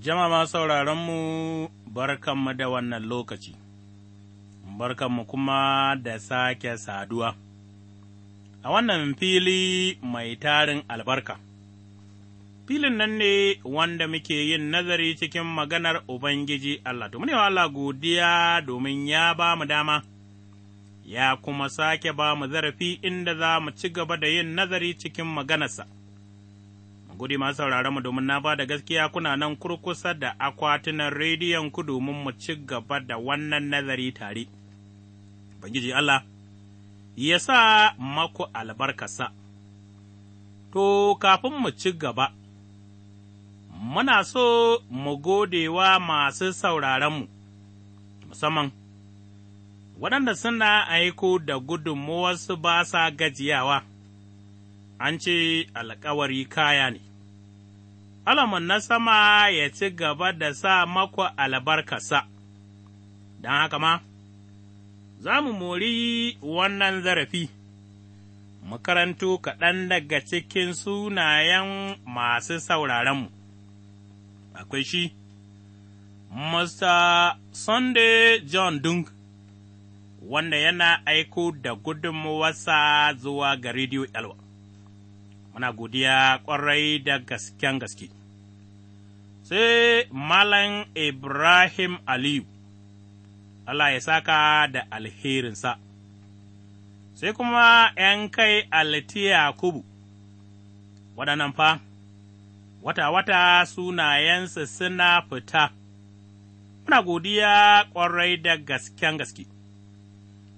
Jama'a sauraronmu barkanmu da wannan lokaci, barkanmu kuma da sake saduwa, a wannan fili mai tarin albarka. Filin nan ne wanda muke yin nazari cikin maganar Ubangiji Allah, to mune Allah godiya domin ya ba mu dama, ya kuma sake ba mu zarafi inda za mu ci gaba da yin nazari cikin maganarsa. gode masu sauraron mu domin na ba da gaskiya kuna nan kurkusa da akwatunan rediyon ku domin mu ci gaba da wannan nazari tare. Bangiji Allah, ya sa maku albarkasa. To, kafin mu ci gaba, muna so mu gode wa masu mu. musamman waɗanda suna aiko da gudunmuwarsu ba sa gajiyawa. an ce alkawari kaya ne, Alamun na sama ya ci gaba da sa mako albarkasa, don haka ma, za mu mori wannan zarafi, mu karanto kaɗan daga cikin sunayen masu sauraronmu, akwai shi, Mr. Sunday John Dung, wanda yana aiko da gudunmawarsa zuwa ga Radio Elwa. muna godiya ƙwarai da gasken gaske. Sai Malam Ibrahim Aliyu, Allah ya saka da alherinsa, sai kuma ’yan kai Altiya Kubu, waɗannan fa, wata-wata sunayensu suna fita, muna godiya ƙwarai da gasken gaske.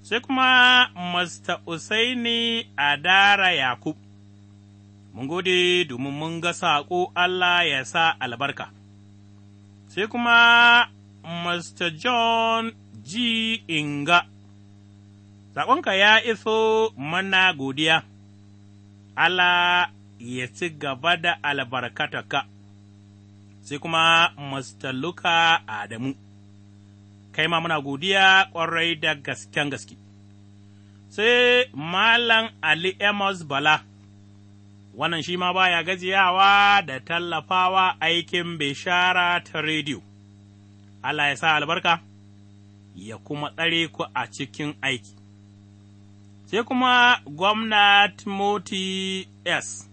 Sai kuma Mr. Usaini Adara Yakub. mun gode domin mun ga saƙo Allah ya sa albarka. Sai kuma Mr. John G. Inga, saƙonka ya iso mana godiya, Allah ya ci gaba da albarkataka. Sai kuma Mr. Luka Adamu, kai ma muna godiya ƙwarai da gasken gaske. Sai Malam Ali Amos Bala. wannan shi ma baya gajiyawa da tallafawa aikin bishara ta rediyo. Allah ya sa albarka, ya kuma tsare ku a cikin aiki. Sai kuma gwamna Moti S.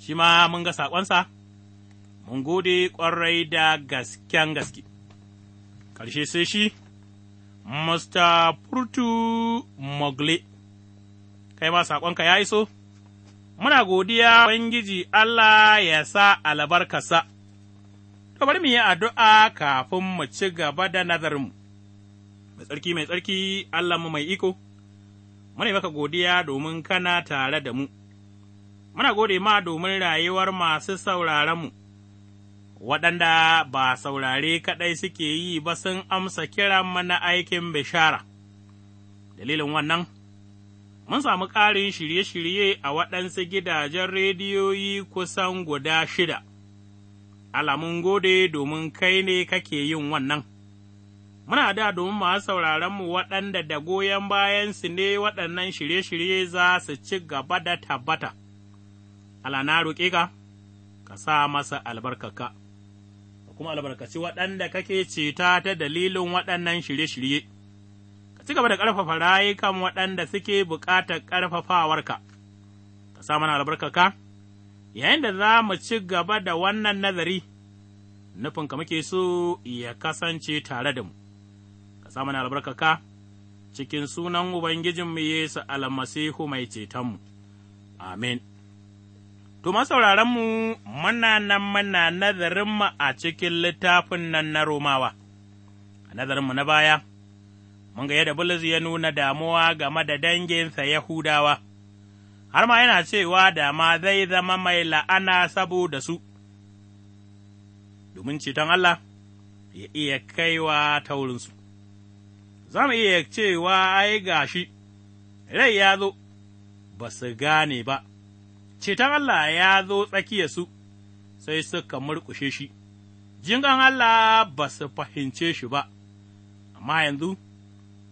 Shi ma mun ga saƙonsa, mun gode ƙwarai da gasken gaske. Ƙarshe sai shi, Mr. Furtu Mogle, kai ma saƙonka ya iso? muna godiya Ubangiji Allah ya sa albarkasa. To bari mu yi addu'a kafin mu ci gaba da nazarinmu. Mai tsarki mai tsarki Allahnmu mai iko, muna yi maka godiya domin kana tare da mu, muna gode ma domin rayuwar masu mu. waɗanda ba saurare kaɗai suke yi ba sun amsa kiran mana aikin bishara. Dalilin wannan. mun samu ƙarin shirye-shirye a waɗansu gidajen rediyoyi kusan guda shida. Alamun gode domin kai ne kake yin wannan. Muna da domin masu sauraronmu waɗanda da goyon bayansu ne waɗannan shirye-shirye za su ci gaba da tabbata. Ala na roƙe ka, ka sa masa albarkaka, kuma albarkaci waɗanda kake ceta ta dalilin waɗannan shirye-shirye. ci gaba da ƙarfafa rayukan waɗanda suke buƙatar ƙarfafawarka, ka sa mana albarkaka, yayin da za mu ci gaba da wannan nazari, nufinka muke so ya kasance tare da mu, ka sa mana albarkaka cikin sunan Ubangijinmu Yesu almasihu mai cetonmu, amin. to sauraronmu muna nan muna nazarinmu a cikin littafin nan na Romawa, a nazarinmu na baya. mun ga yadda Bulus ya nuna damuwa game da danginsa Yahudawa, har ma yana cewa da ma zai zama mai la'ana saboda su, domin ceton Allah ya iya kaiwa ta wurinsu. Za mu iya cewa ai gashi, rai ya zo, ba su gane ba, ceton Allah ya zo tsakiya su sai suka murƙushe shi, jingan Allah ba su fahimce shi ba, amma yanzu.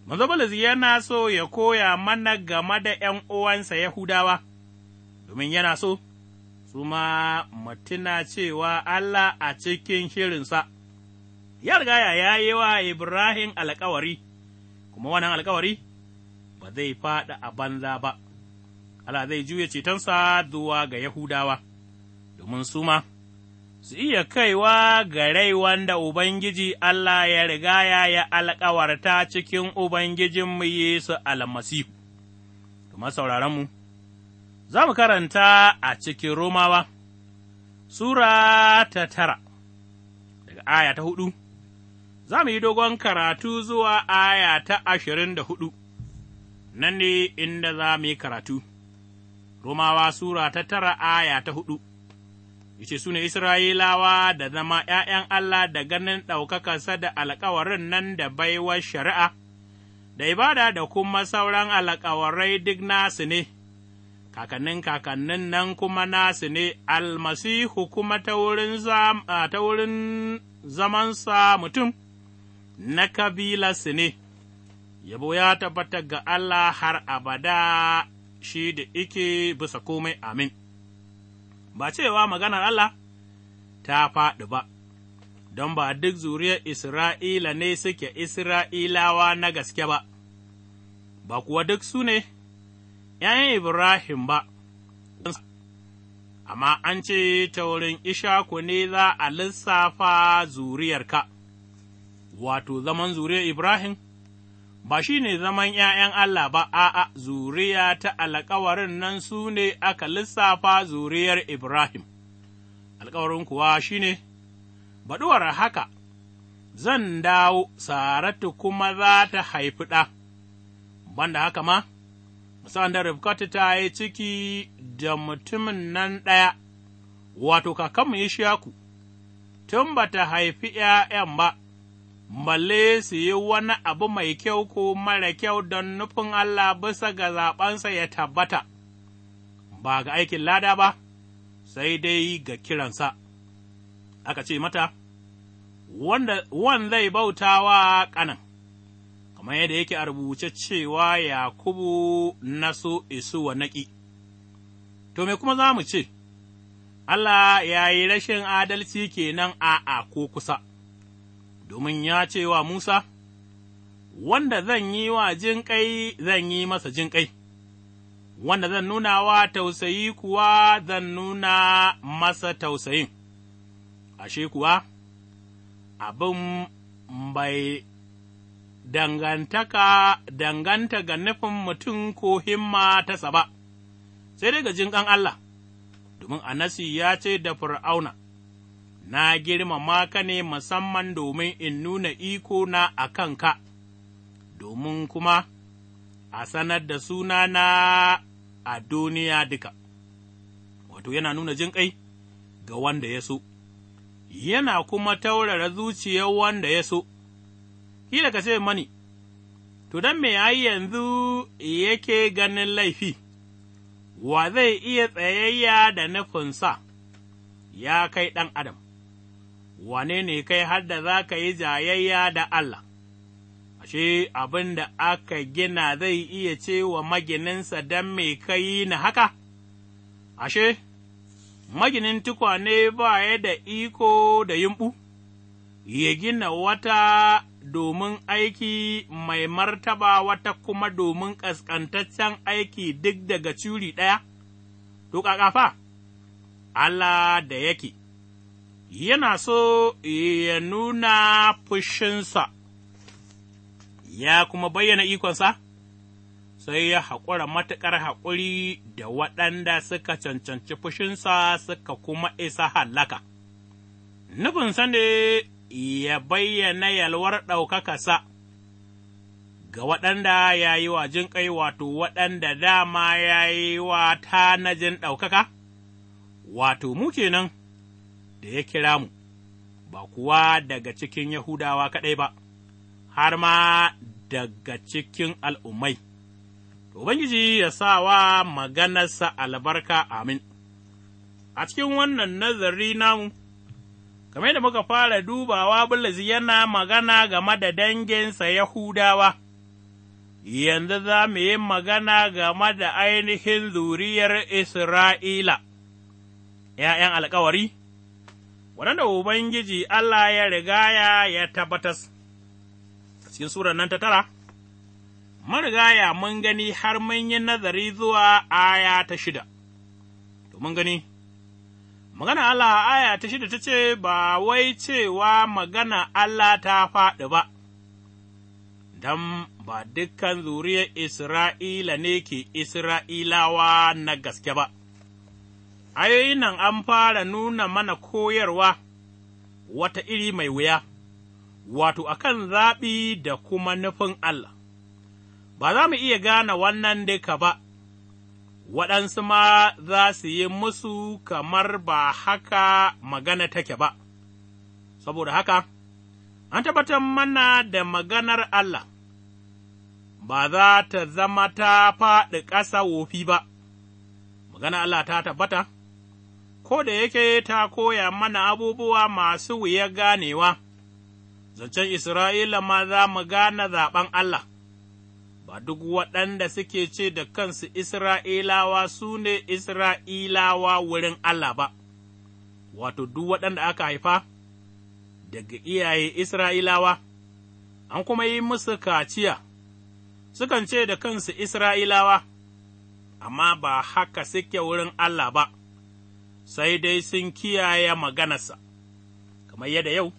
Mazabalus yana so ya koya mana game da ’yan uwansa Yahudawa, domin yana so, su ma matina cewa Allah a cikin shirinsa, ya riga ya yi wa Ibrahim alkawari, kuma wannan alkawari ba zai faɗa a banza ba, Allah zai juya cetonsa zuwa ga Yahudawa, domin su ma. su iya kaiwa ga rai wanda Ubangiji Allah ya riga ya yi alkawarta cikin Ubangijinmu Yesu almasihu. Kuma sauraronmu, za mu karanta a cikin Romawa, Sura ta tara, daga aya ta hudu, za mu yi dogon karatu zuwa aya ta ashirin da hudu, nan ne inda za mu yi karatu, Romawa Sura ta tara aya ta hudu. yace su ne Isra'ilawa da zama ’ya'yan Allah da ganin ɗaukakarsa da alkawarin nan da baiwa shari'a, da ibada da kuma sauran alkawarai duk nasu ne, kakannin kakannin nan kuma nasu ne, almasihu kuma ta wurin zamansa mutum na kabila su ne, yabo ya tabbatar ga Allah har abada shi da ike bisa komai amin. ba cewa maganar Allah ta faɗi ba, don ba duk zuriyar Isra'ila ne suke Isra'ilawa na gaske ba, ba kuwa duk su ne ’ya'yan Ibrahim ba, amma an ce ta wurin Ishaku ne za a lissafa zuriyarka, wato zaman zuriyar Ibrahim. ba shi ne zaman ’ya'yan Allah ba, a'a, zuriya ta alkawarin nan su ne aka lissafa zuriyar Ibrahim, alkawarin kuwa shi ne, baɗuwar haka, zan dawo, Saratu kuma za ta haifi ɗa, banda haka ma, musamman da Rifkatu ta yi ciki da mutumin nan ɗaya, wato kakanmu Ishaku, tun ba ta haifi ’ya'yan ba. balle su yi wani abu mai kyau ko mara kyau don nufin Allah bisa ga zaɓensa ya tabbata, ba ga aikin lada ba, sai dai ga kiransa. Aka ce mata, Wan zai bauta wa ƙanan, kamar yadda yake a rubuce cewa Yakubu na so isu wa naƙi. To, me kuma za mu ce, Allah ya yi rashin adalci kenan a'a ko kusa. domin ya ce wa Musa, Wanda zan yi wa jinƙai zan yi masa jinƙai, wanda zan nuna wa tausayi kuwa zan nuna masa tausayin, ashe kuwa abin bai dangantaka danganta ga nufin mutum ko himma ta ba, sai daga jinƙan Allah, domin Anasi ya ce da Fir'auna. na girmama ka ne musamman domin in nuna iko na a kanka, domin kuma a sanar da sunana a duniya duka. Wato yana nuna jinƙai ga wanda ya so, yana kuma taurara zuciyar wanda ya so, kila ka ce mani, to don me yayi yanzu yake ganin laifi, wa zai iya tsayayya da nufinsa, ya kai ɗan Adam. wane ne kai har da za ka yi jayayya da Allah, ashe abin da aka gina zai iya ce wa magininsa don mai kai na haka? Ashe, maginin tukwane ba ya da iko da yunɓu? ya gina wata domin aiki mai martaba wata kuma domin ƙasƙantaccen aiki duk daga curi ɗaya, to ƙaƙafa, Allah da yake. yana so ya nuna fushinsa, ya kuma bayyana ikonsa, sai ya haƙura matuƙar haƙuri da waɗanda suka cancanci fushinsa suka kuma isa hallaka. Nufin sane ya bayyana yalwar ɗaukakasa ga waɗanda ya yi wa jinƙai wato waɗanda dama ya yi wa tanajin ɗaukaka, wato mu kenan. nan. da ya kira mu, ba kuwa daga cikin Yahudawa kaɗai ba, har ma daga cikin al'ummai. Ubangiji ya sa wa maganarsa albarka amin. A cikin wannan nazari namu, game da muka fara dubawa Bulus yana magana game da danginsa Yahudawa, yanzu za mu yi magana game da ainihin zuriyar Isra'ila, ’ya'yan alkawari, waɗanda Ubangiji Allah ya rigaya ya tabbatas, a cikin Sura nan ta tara, mun rigaya mun gani har mun yi nazari zuwa aya ta shida, to mun gani, magana Allah aya ta shida ta ce ba wai cewa magana Allah ta faɗi ba, don ba dukkan zuriyar Isra'ila ne ke Isra'ilawa na gaske ba. ayoyi nan an fara nuna mana koyarwa wata iri mai wuya, wato akan zaɓi da kuma nufin Allah. Ba za mu iya gane wannan duka ba, waɗansu ma za su yi musu kamar ba haka magana take ba, saboda haka, an tabbatar mana da maganar Allah. ba za ta zama ta faɗi ƙasa wofi ba, magana Allah ta tabbata, ko da yake ta koya mana abubuwa masu wuya ganewa, zancen Isra'ila ma za mu gane zaɓen Allah, ba duk waɗanda suke ce da kansu Isra'ilawa su ne Isra'ilawa wurin Allah ba, wato, duk waɗanda aka haifa daga iyaye Isra'ilawa, an kuma yi musu kaciya, sukan ce da kansu Isra'ilawa, amma ba haka suke wurin Allah ba. sai dai sun kiyaye maganarsa, kamar yadda yau,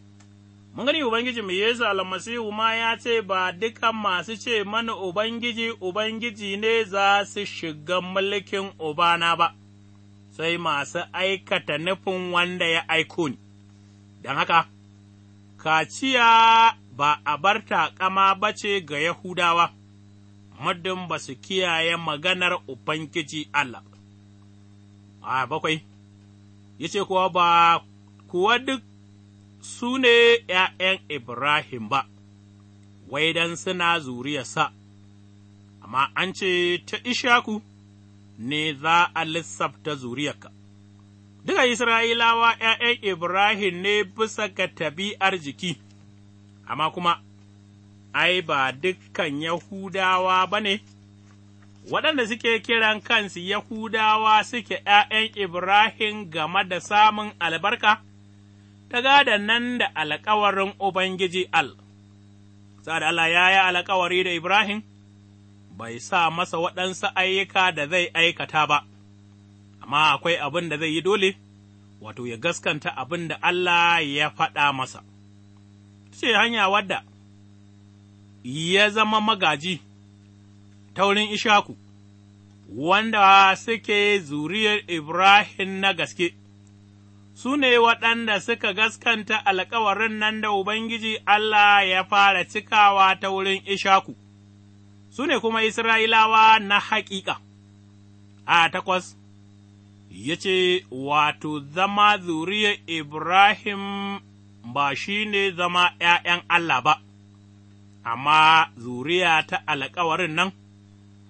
mun gani Ubangiji mai Yesu almasihu ma ya ce ba dukan masu ce mana Ubangiji Ubangiji ne za su shiga mulkin Ubana ba, sai masu aikata nufin wanda ya aiko ni, don haka, kaciya ba a bar taƙama ba ce ga Yahudawa, muddin ba su kiyaye maganar Ubangiji Allah. A bakwai. ya ce kuwa ba kuwa duk su ne ’ya'yan Ibrahim ba, wai don suna zuriyarsa, amma an ce ta Ishaku ne za a lissafta zuriyarka. Duka Isra'ilawa ’ya'yan Ibrahim ne bisa ga tabi'ar jiki, amma kuma, ai, ba dukkan Yahudawa ba ne. waɗanda suke kiran kansu Yahudawa suke ’ya'yan Ibrahim game da samun albarka, ta gada nan da alkawarin Ubangiji Al, sa'ad Allah ya yi alkawari da Ibrahim, bai sa masa waɗansu ayyuka da zai aikata ba, amma akwai abin da zai yi dole, wato ya gaskanta abin da Allah ya faɗa masa. Ce hanya wadda ya zama magaji. ta wurin Ishaku, wanda suke zuriyar Ibrahim na gaske, su ne waɗanda suka gaskanta alkawarin nan da Ubangiji Allah ya fara cikawa ta wurin Ishaku, su ne kuma Isra'ilawa na haƙiƙa. A takwas, ya ce, Wato, zama zuriyar Ibrahim ba shi ne zama ’ya'yan Allah ba, amma zuriya ta alkawarin nan.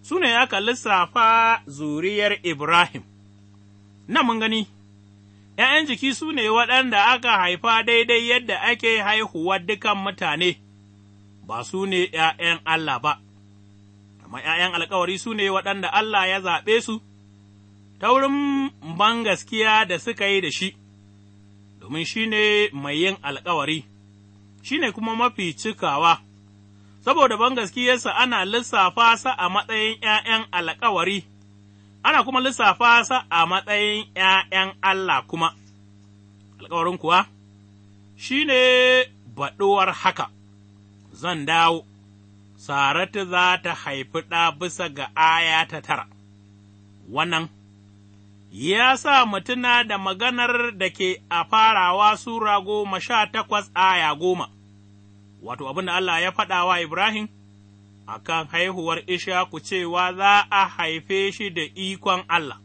su ne aka lissafa zuriyar Ibrahim, na mun gani, ’ya'yan jiki su ne waɗanda aka haifa daidai yadda ake haihuwa dukan mutane, ba su ne ’ya'yan Allah ba, amma ’ya'yan alkawari su ne waɗanda Allah ya zaɓe su ta wurin gaskiya da suka yi da shi, domin shi ne mai yin alkawari, shi ne kuma mafi cikawa. saboda bangaskiyarsa ana lissafa sa a matsayin ’ya'yan alkawari, ana kuma lissafa sa a matsayin ’ya'yan Allah kuma, alkawarin kuwa shi ne baɗuwar haka, zan dawo, Saratu za ta haifi ɗa bisa ga aya ta tara, wannan ya sa mutuna da maganar da ke a farawa Sura goma sha takwas aya goma. wato abin da Allah ya faɗa wa Ibrahim a kan haihuwar Ishaku cewa za a haife shi da ikon Allah.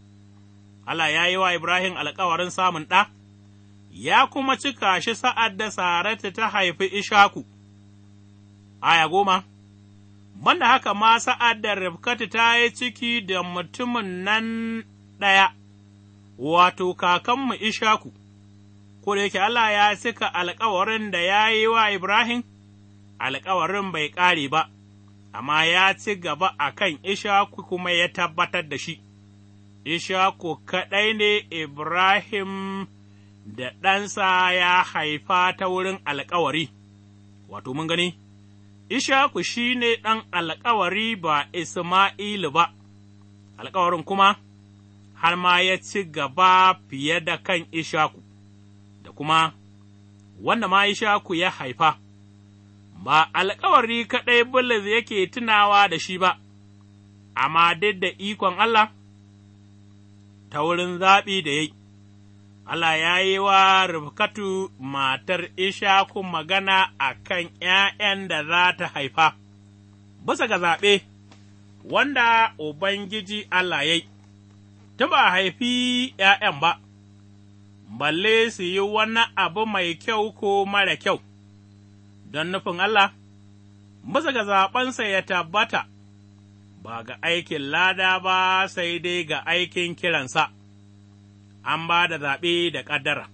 Allah ya yi wa Ibrahim alkawarin samun ɗa, ya kuma cika shi sa'ad da Saratu ta haifi Ishaku. Aya goma Banda haka ma sa'ad da Rifkatu ta yi ciki da mutumin nan ɗaya, wato kakanmu Ishaku, ko da yake Allah ya cika alkawarin da ya yi wa Ibrahim, alkawarin bai ƙare ba, amma ya ci gaba a kan Ishaku kuma ya tabbatar da shi, Ishaku kaɗai ne Ibrahim da ɗansa ya haifa ta wurin alkawari, wato mun gani, Ishaku shi ne ɗan alkawari ba Isma'ilu ba, alkawarin kuma har ma ya ci gaba fiye da kan Ishaku, da kuma wanda ma Ishaku ya haifa, ba alkawari kaɗai Bulus yake tunawa da shi ba, amma duk da ikon Allah, ta wurin zaɓi da ya Allah ya yi wa Rifkatu matar Ishaku magana a kan ’ya'yan da za ta haifa, bisa ga zaɓe, wanda Ubangiji Allah ya yi, ta ba haifi ’ya'yan ba, balle su yi wani abu mai kyau ko mara kyau. don nufin Allah, bisa ga zaɓensa ya tabbata, ba ga aikin lada ba sai dai ga aikin kiransa, an ba da zaɓe da ƙaddara.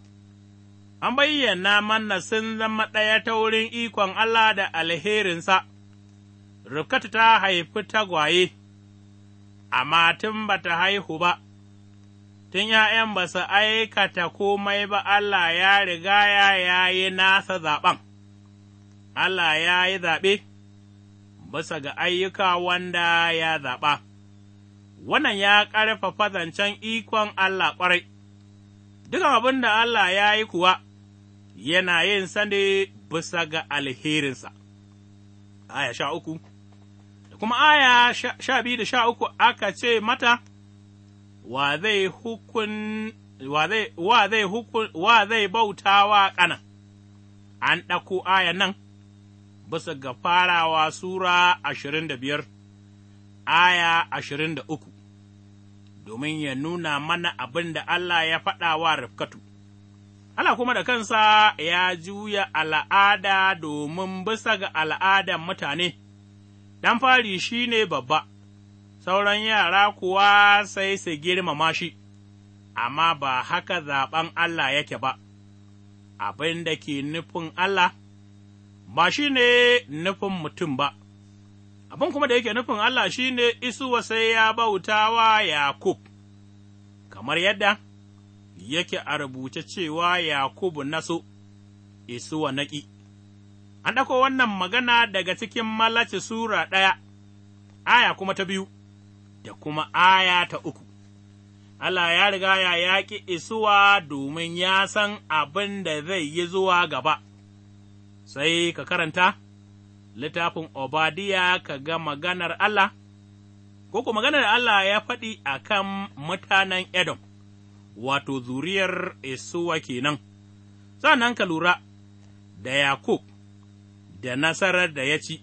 An bayyana manna sun zama ɗaya ta wurin ikon Allah da alherinsa, Rukatu ta haifi tagwaye, amma tun ba ta haihu ba. tun ’ya'yan ba su aikata komai ba, Allah ya riga ya yayi nasa zaɓen, Allah ya yi zaɓe bisa ga ayyuka wanda ya zaɓa, wannan ya ƙarfafa zancen ikon Allah ƙwarai, dukan abin da Allah ya yi kuwa yana yin sani bisa ga alherinsa. Aya sha uku, da kuma aya sha biyu da sha uku aka ce mata, wa zai hukun wa zai bauta wa ƙana, an ɗako aya nan. bisa ga farawa Sura ashirin da biyar, aya ashirin da uku, domin ya nuna mana abin da Allah ya faɗa wa Rifkatu. Allah kuma da kansa ya juya al'ada domin bisa ga al'adan mutane, ɗan fari shi ne babba, sauran yara kuwa sai su girmama shi, amma ba haka zaɓen Allah yake ba, abin da ke nufin Allah. ba shi ne nufin mutum ba, abin kuma da yake nufin Allah shi ne isuwa sai ya bauta wa Yakub, kamar yadda yake a rubuce cewa Yakub na so, isuwa naƙi. An ɗako wannan magana daga cikin malaci Sura ɗaya, aya kuma ta biyu, da kuma aya ta uku. Allah ya riga ya yaƙi isuwa domin ya san abin da zai yi zuwa gaba. sai ka karanta littafin Obadiya ka ga maganar Allah, ko ku maganar Allah ya faɗi a kan mutanen Edom, wato zuriyar Isuwa kenan, sannan ka lura da Yakub da nasarar da ya ci,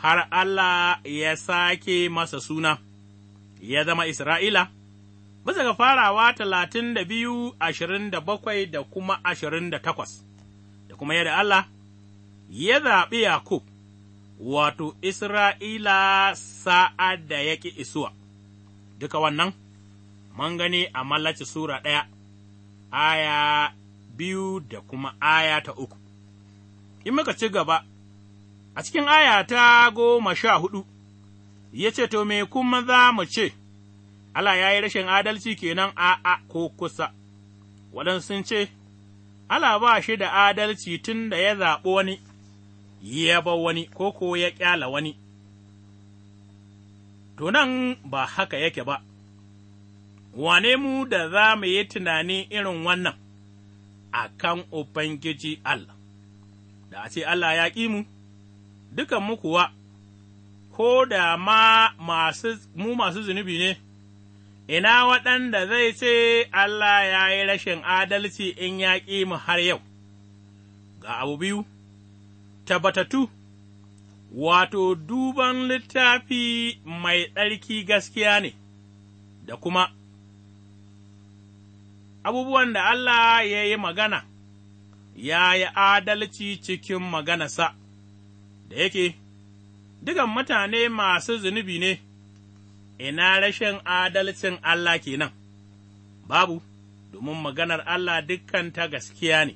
har Allah ya sake masa suna, ya zama Isra'ila. bisa ga farawa talatin da biyu, ashirin da bakwai da kuma ashirin da takwas, da kuma yadda Allah ya zaɓi Yakub, wato Isra'ila sa'ad da ya ƙi isuwa, duka wannan, mun gani a mallaci Sura ɗaya, aya biyu da kuma aya ta uku. In muka ci gaba, a cikin aya ta goma sha hudu, ya ce, To, me kuma za mu ce, Allah ya yi rashin adalci kenan A-a ko kusa, waɗansu sun ce, Allah ba shi da adalci tun da ya zaɓi wani ya ba wani ko ko ya ƙyala wani, to nan ba haka yake ba, wane mu da za mu yi tunani irin wannan a kan Ubangiji Allah, da a ce Allah ya ƙi mu, dukan mu kuwa, ko da ma mu masu zunubi ne, ina waɗanda zai ce Allah ya yi rashin adalci in ya ƙi mu har yau, ga abu biyu. tabbatattu, wato, duban littafi mai tsarki gaskiya ne, da kuma abubuwan da Allah ya yi magana, ya yi adalci cikin maganarsa, da yake, dukan mutane masu zunubi ne, ina rashin adalcin Allah kenan, babu, domin maganar Allah dukkan ta gaskiya ne.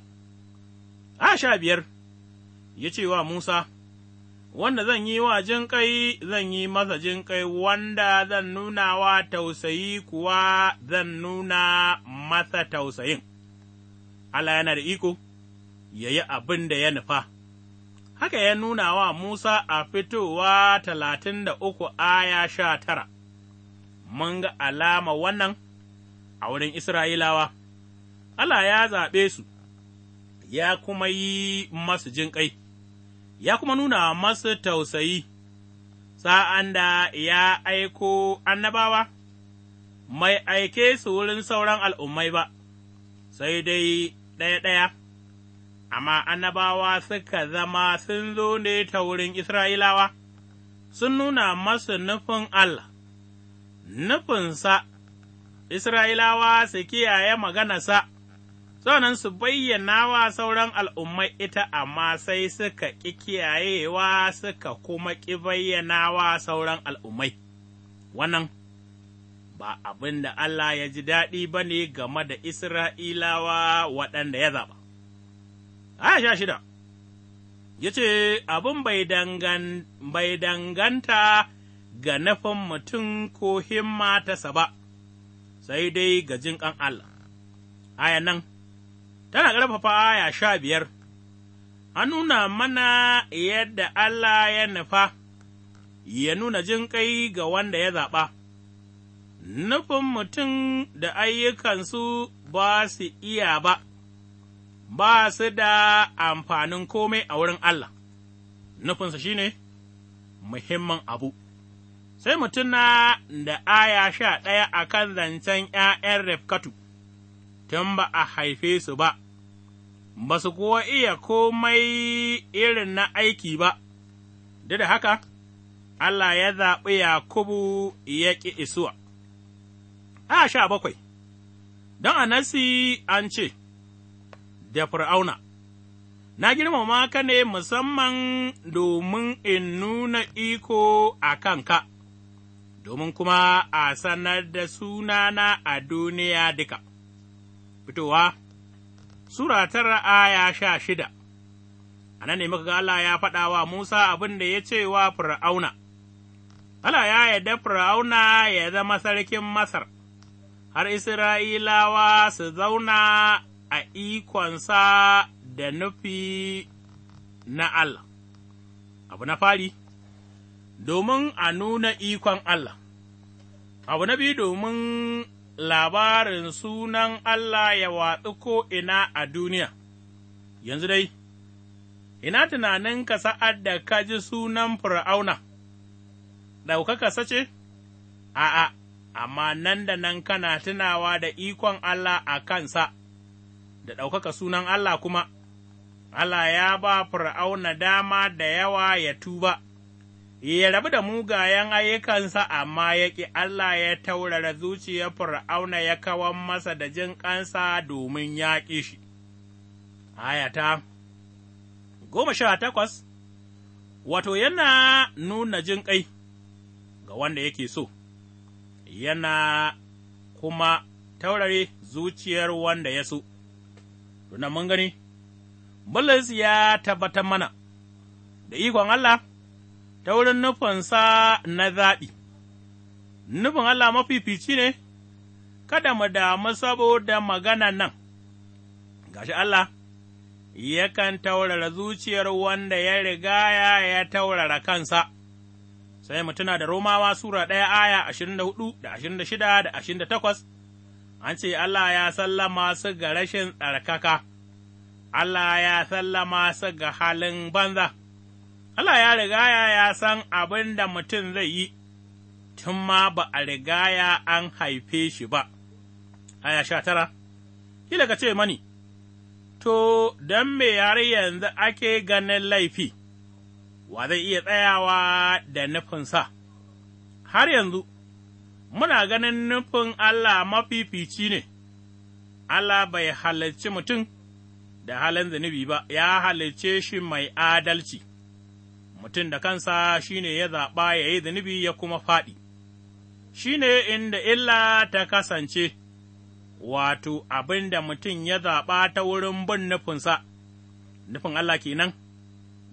A sha biyar, ya ce wa Musa, Wanda zan yi wa jinƙai, zan yi masa jinƙai, wanda zan nuna wa tausayi kuwa zan nuna masa tausayin. Allah yana da iko, ya yi abin da ya nufa. Haka ya nuna wa Musa a fitowa talatin da uku aya sha tara, mun ga alama wannan a wurin Isra'ilawa, Allah ya zaɓe su, ya kuma yi masu jinƙai. ya kuma nuna masu tausayi, sa'an da ya aiko annabawa, mai aike su wurin sauran al'ummai ba, sai dai ɗaya-ɗaya, amma annabawa suka zama sun zo ne ta wurin Isra'ilawa, sun nuna masu nufin Allah, nufinsa, Isra'ilawa su kiyaye maganarsa. sannan su bayyana wa sauran al'ummai ita, amma sai suka ƙi kiyayewa suka kuma ƙi bayyana wa sauran al'ummai, wannan ba abin da Allah ya ji daɗi ba ne game da Isra'ilawa waɗanda ya zaɓa. Aya shida, ya ce, Abin bai danganta ga nufin mutum ko himma ta ba, sai dai ga jin Allah. Aya nan. tana ƙarfafa aya sha biyar, an nuna mana yadda Allah ya nufa, ya nuna jinƙai ga wanda ya zaɓa, nufin mutum da ayyukansu ba su iya ba, ba su da amfanin kome a wurin Allah, nufinsa shi ne muhimman abu. Sai mutum na da aya sha ɗaya a kan zancen ’ya'yan Refkatu, tun ba a haife su ba. ba su kuwa iya komai irin na aiki ba, duk da haka, Allah ya zaɓi Yakubu ya ƙi isuwa. A sha bakwai, don a nasi an ce, da fir'auna, na girmama ka ne musamman domin in nuna iko a kanka, domin kuma a sanar da sunana a duniya duka. Fitowa Sura tara aya sha shida A nan ne muka ga Allah ya faɗa wa Musa abin da ya ce wa Fir'auna, Allah ya yarda Fir'auna ya zama sarkin Masar, har Isra'ilawa su zauna a ikonsa da nufi na Allah. Abu na fari, domin a nuna ikon Allah, abu na biyu domin labarin sunan Allah ya watsu ina a duniya, yanzu dai, ina tunaninka sa'ad da ka ji sunan Fir'auna, ɗaukaka sace? A'a, amma nan da nan kana tunawa da ikon Allah a kansa, da ɗaukaka sunan Allah kuma, Allah ya ba Fir'auna dama da yawa ya tuba. ya rabu da mugayen ayyukansa, amma ya ƙi Allah ya taurara zuciyar Fir'auna ya kawar masa da jin ƙansa domin ya ƙi shi. Ayata goma sha takwas, wato yana nuna jin ƙai ga wanda yake so, yana kuma taurare zuciyar wanda ya so. Tuna mun gani, Bulus ya tabbatar mana da ikon Allah. ta wurin nufinsa na zaɓi, nufin Allah mafifici ne, kada mu damu saboda magana nan, gashi Allah yakan taurara zuciyar wanda ya riga ya ya taurara kansa. sai mutuna da Romawa Sura ɗaya aya ashirin da hudu da ashirin da shida da ashirin da takwas, an ce Allah ya sallama su ga rashin tsarkaka, Allah ya sallama su ga halin banza, Allah ya rigaya ya san abin da mutum zai yi, tun ma ba a rigaya an haife shi ba. Aya sha tara, kila ka ce mani, To, don me yare yanzu ake ganin laifi, wa zai iya tsayawa da nufinsa, har yanzu, muna ganin nufin Allah mafifici ne, Allah bai halarci mutum da halin zunubi ba, ya halarce shi mai adalci. mutum da kansa shi ne ya zaɓa ya yi zunubi ya kuma faɗi, shi ne inda illa ta kasance, wato abin da mutum ya zaɓa ta wurin bin nufinsa, nufin Allah kenan,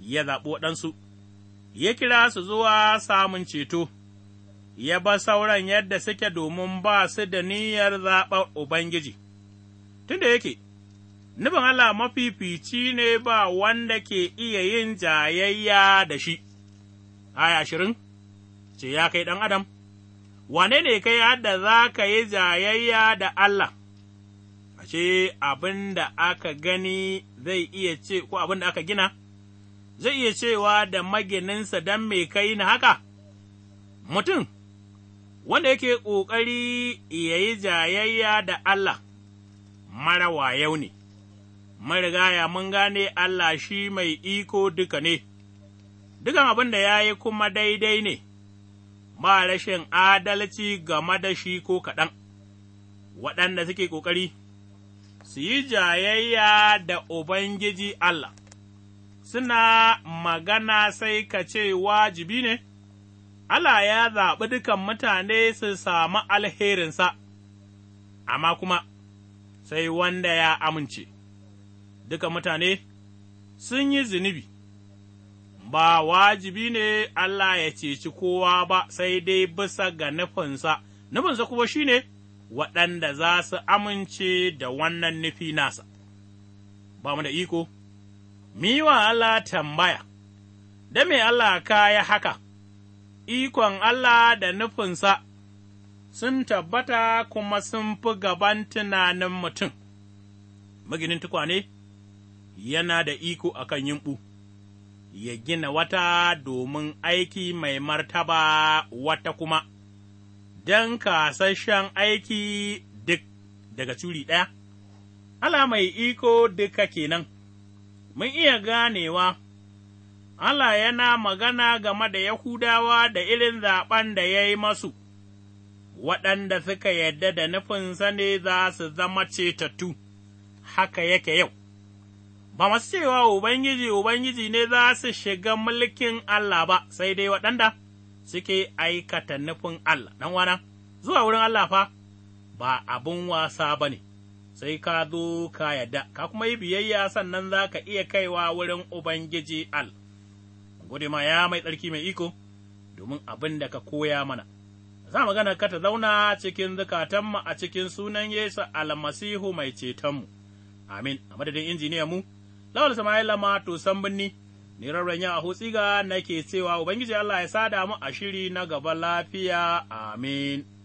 ya zaɓo waɗansu, ya kira su zuwa samun ceto, ya ba sauran yadda suke domin ba su da niyyar zaɓar Ubangiji, tunda yake. nufin Allah mafifici ne ba wanda ke iya yin jayayya da shi, aya ashirin, ce ya kai ɗan Adam, wane ne kai hadda za ka yi jayayya da Allah, ce abin da aka gani zai iya ce, ko abin da aka gina, zai iya cewa da magininsa don mai kai na haka, mutum, wanda yake ƙoƙari ya yi jayayya da Allah, mara wayau ne. marigaya mun gane Allah shi mai iko duka ne, dukan abin da ya yi kuma daidai ne, ba rashin adalci game da shi ko kaɗan, waɗanda suke ƙoƙari, su yi jayayya da Ubangiji Allah, suna magana sai ka ce wajibi ne, Allah ya zaɓi dukan mutane su samu alherinsa, amma kuma sai wanda ya amince. duka mutane sun yi zunubi, ba wajibi ne Allah ya ceci kowa ba sai dai bisa ga nufinsa, nufinsa kuma shi ne waɗanda za su amince da wannan nufi nasa, ba mu da iko, wa Allah tambaya, da me Allah kaya haka, ikon Allah da nufinsa sun tabbata kuma sun fi gaban tunanin mutum, maginin tukwane? yana da iko a kan yimɓu, ya gina wata domin aiki mai martaba wata kuma, don kasashen aiki duk daga curi ɗaya, Allah mai iko duka kenan, mun iya ganewa. Allah yana magana game da Yahudawa da irin zaɓen da ya yi masu, waɗanda suka yarda da nufinsa ne za su zama cetattu, haka yake yau, ba masu cewa Ubangiji, Ubangiji ne za su shiga mulkin Allah ba, sai dai waɗanda suke aikata nufin Allah, ɗan wana, zuwa wurin Allah fa ba abin wasa ba ne, sai ka zo ka yadda, ka kuma yi biyayya sannan za ka iya kaiwa wurin Ubangiji Allah. Gode ma ya mai tsarki mai iko, domin abin da ka koya mana. za magana ka ta zauna cikin zukatanmu a cikin sunan Yesu almasihu mai cetonmu, amin, a madadin injiniya mu. Lawal Sama'ila ma to san binni, ni a ya ga nake cewa Ubangiji Allah ya sada mu a shiri na gaba lafiya, amin.